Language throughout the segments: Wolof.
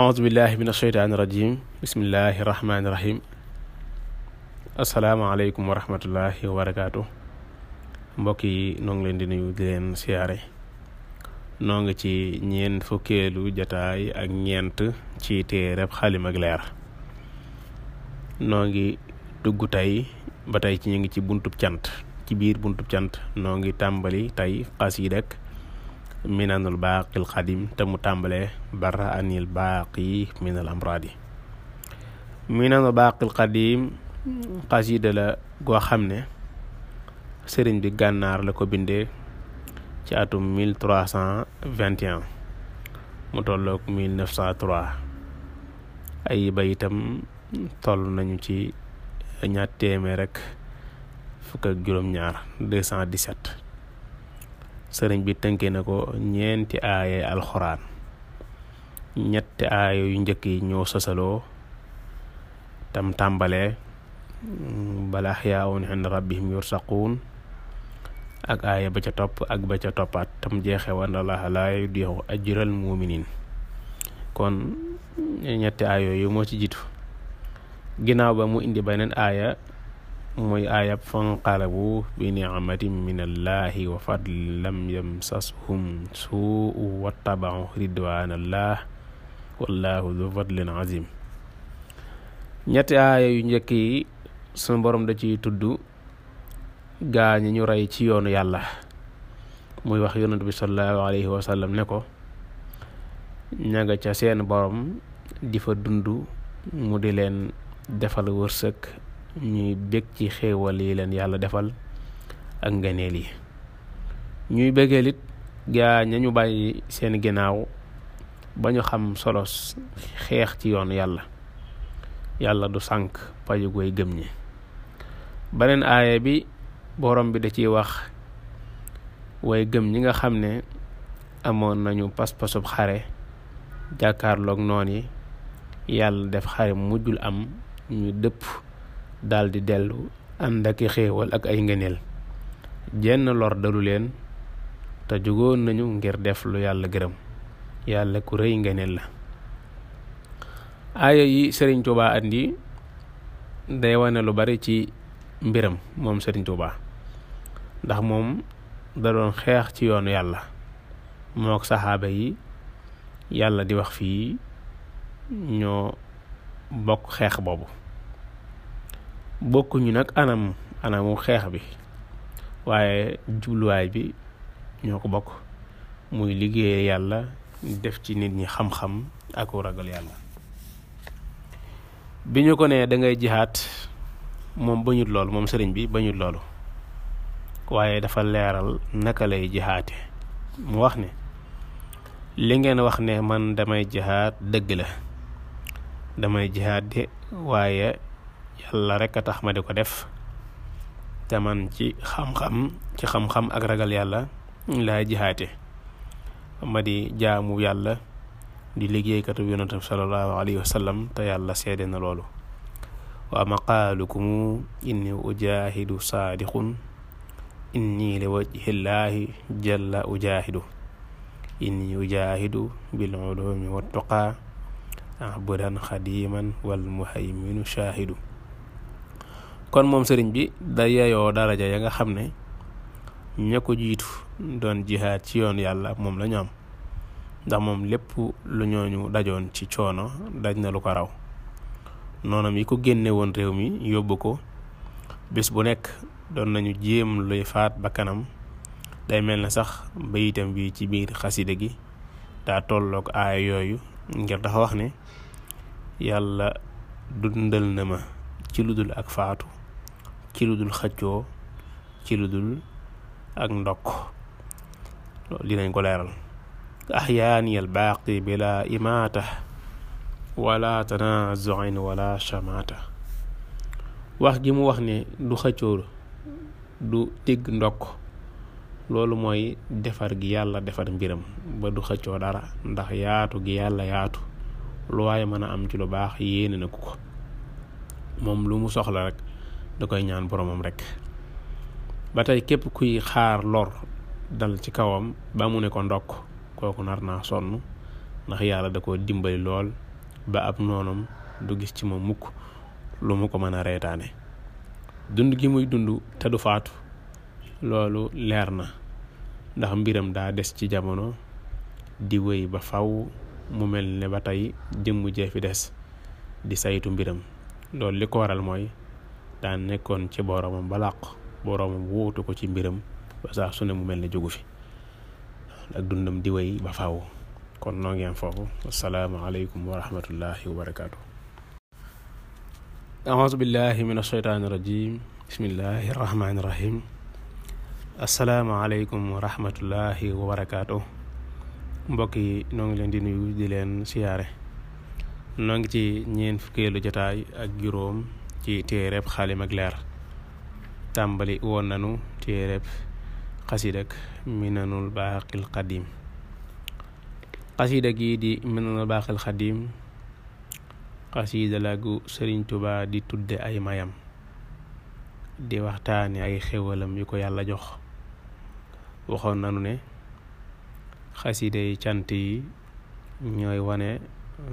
ahousubillahi min asheytaani irajim bismillahi irahmaaniirahim asalaamaaleykum wa rahmatullahi wa barakaatu mbokk yi noo ngi leen di nuyu di leen siyaare noo ngi ci ñeent fukkeelu jataay ak ñeent ci téereb Xalimag Leer noo ngi dugg tey ba tey ci ñu ngi ci buntub cant ci biir buntub cant noo ngi tàmbali tey xasiida ak minanul baaqil xadim te mu tàmbalee bara anil baaqi minal amraadi minanul baaqil xadim xasida la goo xam ne sëriñ bi gànnaar la ko bindee ci atum 1321 mu tolloog 1903 ay bayitam toll nañu ci ñaar téeméer rek fukk juróom-ñaar sëriñ bi tënkee na ko ñeenti aaya alxuraan ñetti aaya yu njëkk yi ñoo sosaloo tam tàmbalee bal axyaawun inda rabbihim yursaquun ak aaya ba ca topp ak ba toppaat tam jeexe wan allaha laa yudiixu ajral muuminiin kon ñetti aaya yooyu moo ci jiitu ginnaaw ba mu indi beneen aaya muy aayab fanqalabu bi nicmatin min allahi wa fadlin lam yamsashum suu'u wattabacu ridwaanallah wallahu du fadlin azim ñetti aaya yu njëkk yi sunu borom da ciy tudd gaa yi ñu rey ci yoonu yàlla muy wax yonent bi sallallahu alayhi wa ne ko ña nga ca seen boroom di fa dund mu di leen defal wërsëg ñuy bég ci xéewal yi leen yàlla defal ak ngëneel yi ñuy bégeel it gaa ña ñu bàyyi seen ginnaaw ba ñu xam solos xeex ci yoonu yàlla yàlla du sànk payu goy gëm ñi beneen aaya bi borom bi da ciy wax way gëm ñi nga xam ne amoon nañu pas-pasub xare jàkkaarloog noon yi yàlla def xare mujjul am ñu dëpp daldi dellu ànd ak ay ngëneel jenn lor dalu leen te jugoon nañu ngir def lu yàlla gërëm yàlla ku réy ngëneel la aaya yi Sëriñ Tuubaa andi day wane lu bari ci mbiram moom Sëriñ Tuubaa ndax moom da doon xeex ci yoonu yàlla mook saxaaba yi yàlla di wax fii ñoo bokk xeex boobu bokkuñu nag anam anamu xeex bi waaye jubluwaay bi ñoo ko bokk muy liggéey yàlla def ci nit ñi xam-xam ak ragal yàlla bi ñu ko nee da ngay moom bañut loolu moom sëriñ bi bañut loolu waaye dafa leeral naka lay jihaate mu wax ne li ngeen wax ne man damay jihaat dëgg la damay jihaat de waaye yàlla rek a tax ma di ko def te man ci xam-xam ci xam-xam ak ragal yàlla laay jihaate ma di jaamu yàlla liggéeykatu yonent bi sallallahu alayhi wa sallam te yàlla seede na loolu wa maqaalukumu inni ujaahidu saadiqun inni li wajhillaahi jalla ujaahidu inni ujaahidu bil ulumi wattuqaa abudan xadiman wal muhayminu shaahidu kon moom sëriñ bi da yeyoo daraja ya nga xam ne ña ko jiitu doon jihaad ci yoon yàlla moom lañu am ndax moom lépp lu ñooñu dajoon ci coono daj na lu ko raw noonam yi ko génnewoon réew mi yóbbu ko bés bu nekk doon nañu jéem luy faat ba kanam day mel na sax bayitam bi ci biir xaside gi daa tolloog aaya yooyu ngir dafa wax ne yàlla dundal na ma ci ludul ak faatu ci lu dul xëccoo ci lu dul ak ndokk loolu dinañ ko leeral axyaani al baaqi bila imaata wala tanazuin wala chamaata wax gi mu wax ne du xëccoo du teg ndokk loolu mooy defar gi yàlla defar mbiram ba du xëccoo dara ndax yaatu gi yàlla yaatu lu waaye mën a am ci lu baax yéene na ko moom lu mu soxla rek da koy ñaan boromam rek ba tey képp kuy xaar lor dal ci kawam ba mu ne ko ndokk kooku nar naa sonn ndax yàlla da koo dimbali lool ba ab noonam du gis ci ma mukk lu mu ko mën a reetaane dund gi muy dund te du faatu loolu leer na ndax mbiram daa des ci jamono di wéy ba faw mu mel ne ba tey jëmm jee fi des di saytu mbiram loolu li ko waral mooy daan nekkoon ci boromam ba làq boromam ko ci mbiram ba saa su mu mel ne jógu fi ak dundam di ba faaw kon noo foofu asalaamaaleykum wa rahmatullahi wa barakaatu. auzu billahi min mbokk yi noo leen di nuyu di leen siyaare noo ci ñeen fukkeelu jotaay ak juróom ci téereb xaalim ak leer tàmbali woon nanu téereb xasida ak minanul baaqil xadim xasida gi di minanul baaqil xadim xasida la gu sëriñ Tuubaa di tudde ay mayam di waxtaane ay xéwalam yu ko yàlla jox waxoon nanu ne xasida cant yi ñooy wane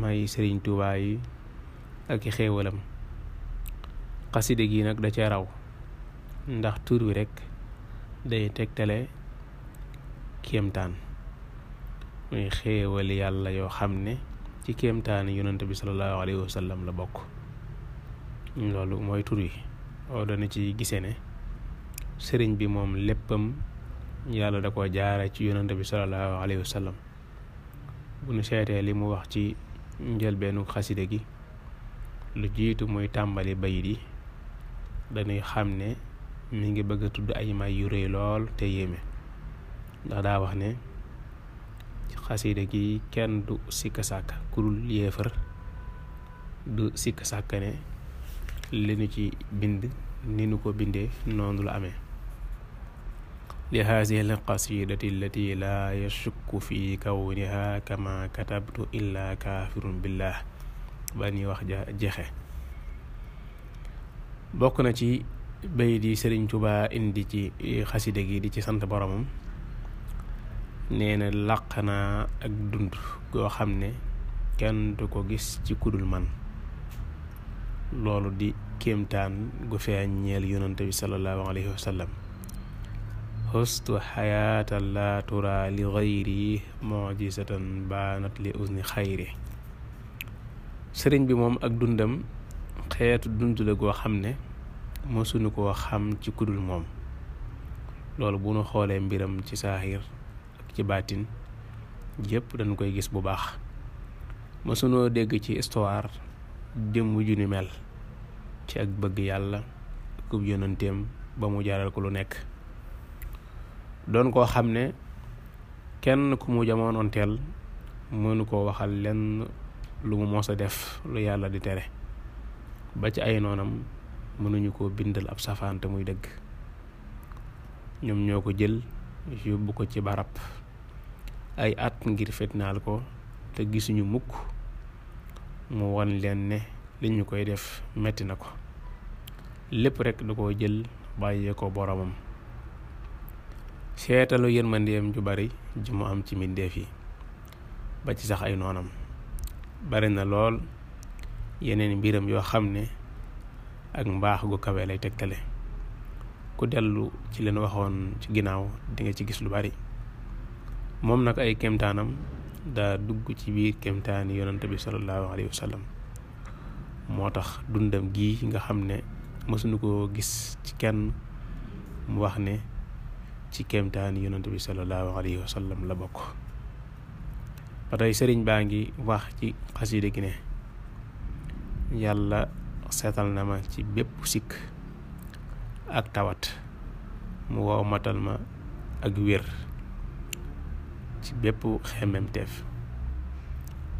may sëriñ Tuubaa yi ak xéewalam xaside gi nag da cee raw ndax tur wi rek day tegtale kéemtaan muy xéewali yàlla yoo xam ne ci kéemtaani yonent bi salallaahu alayhi wasallam la bokk loolu mooy tur wi oo ci gise ne sëriñ bi moom léppam yàlla da ko jaare ci yonent bi salallaahu alayhi wasallam bu nu seetee li mu wax ci njëlbeenu xaside gi lu jiitu muy tàmbali bayit yi dañuy xam ne mi ngi bëgg a tudd ay may yu rëy lool te yéeme ndax daa wax ne xasida gi kenn du sikka sàkka ku dul yéefar du sikka sàkka ne li nu ci bind ni nu ko bindee noonu lu amee li haadihi alqasidati allati laa yashukku fi kawniha kama katabtu illa kaafirun billah ba ñuy wax ja jexe bokk na ci bayit di Sëriñ Tuubaa indi ci eh, xasida gi di ci sant boromam nee na làq naa ak dund goo xam ne kenn du ko gis ci kudul man loolu di kéemtaan gu feeñ ñeel yonante bi sallallahu alayhi wa sallam xustu xayaata laa tura baanat li usni xayri sëriñ bi moom ak dundam xeetu dund la goo xam ne mosuñu koo xam ci kudul moom loolu bu nu xoolee mbiram ci saaxiir ak ci baatin yépp dañ koy gis bu baax mosunoo dégg ci histoire démb ju ni mel ci ak bëgg yàlla kub yonanteem ba mu jaaral ko lu nekk doon koo xam ne kenn ku mu jamononteel mënu koo waxal lenn lu mu mos a def lu yàlla di tere ba ci ay noonam mënuñu koo bindal ab safaan te muy dëgg ñoom ñoo ko jël yóbbu ko ci barab ay at ngir fitnaal ko te gisuñu mukk mu won leen ne li ñu koy def metti na ko lépp rekk da ko jël bàyyee ko boromam seetalu yërmandeem ju bari ji mu am ci mbindeef yi ba ci sax ay noonam bari na lool yeneen mbiram yoo xam ne ak mbaax gu kawe lay tegtale ku dellu ci leen waxoon ci ginnaaw di nga ci gis lu bari moom nag ay kemtaanam daa dugg ci biir kemtaani yonante bi sallallahu alayhi wa sallam moo tax dundam gii nga xam ne mësuñu koo gis ci kenn mu wax ne ci kemtaani yonante bi sallallahu alayhi wa sallam la bokk ba sëriñ baa ngi wax ci xasida gi ne yàlla seetal na ma ci bépp sikk ak tawat mu wow matal ma ak wér ci bépp xemmemteef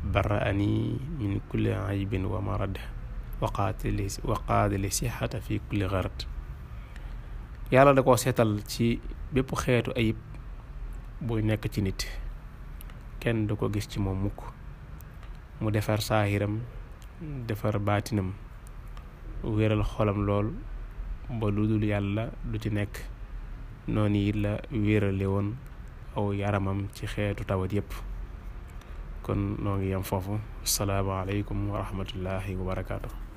baraani min kulli aybin wa marad waqaatili waqaatili sixata fi kulli xarat yàlla da koo seetal ci bépp xeetu ayib buy nekk ci nit kenn du ko gis ci moom mukk mu defar saahiram defar baatinam wéral xolam lool ba lu dul yàlla du ci nekk noonu yi la wérale woon aw yaramam ci xeetu tawat yépp kon noo yam foofu salaamaaleykum wa rahmatullahi wa barakaatu.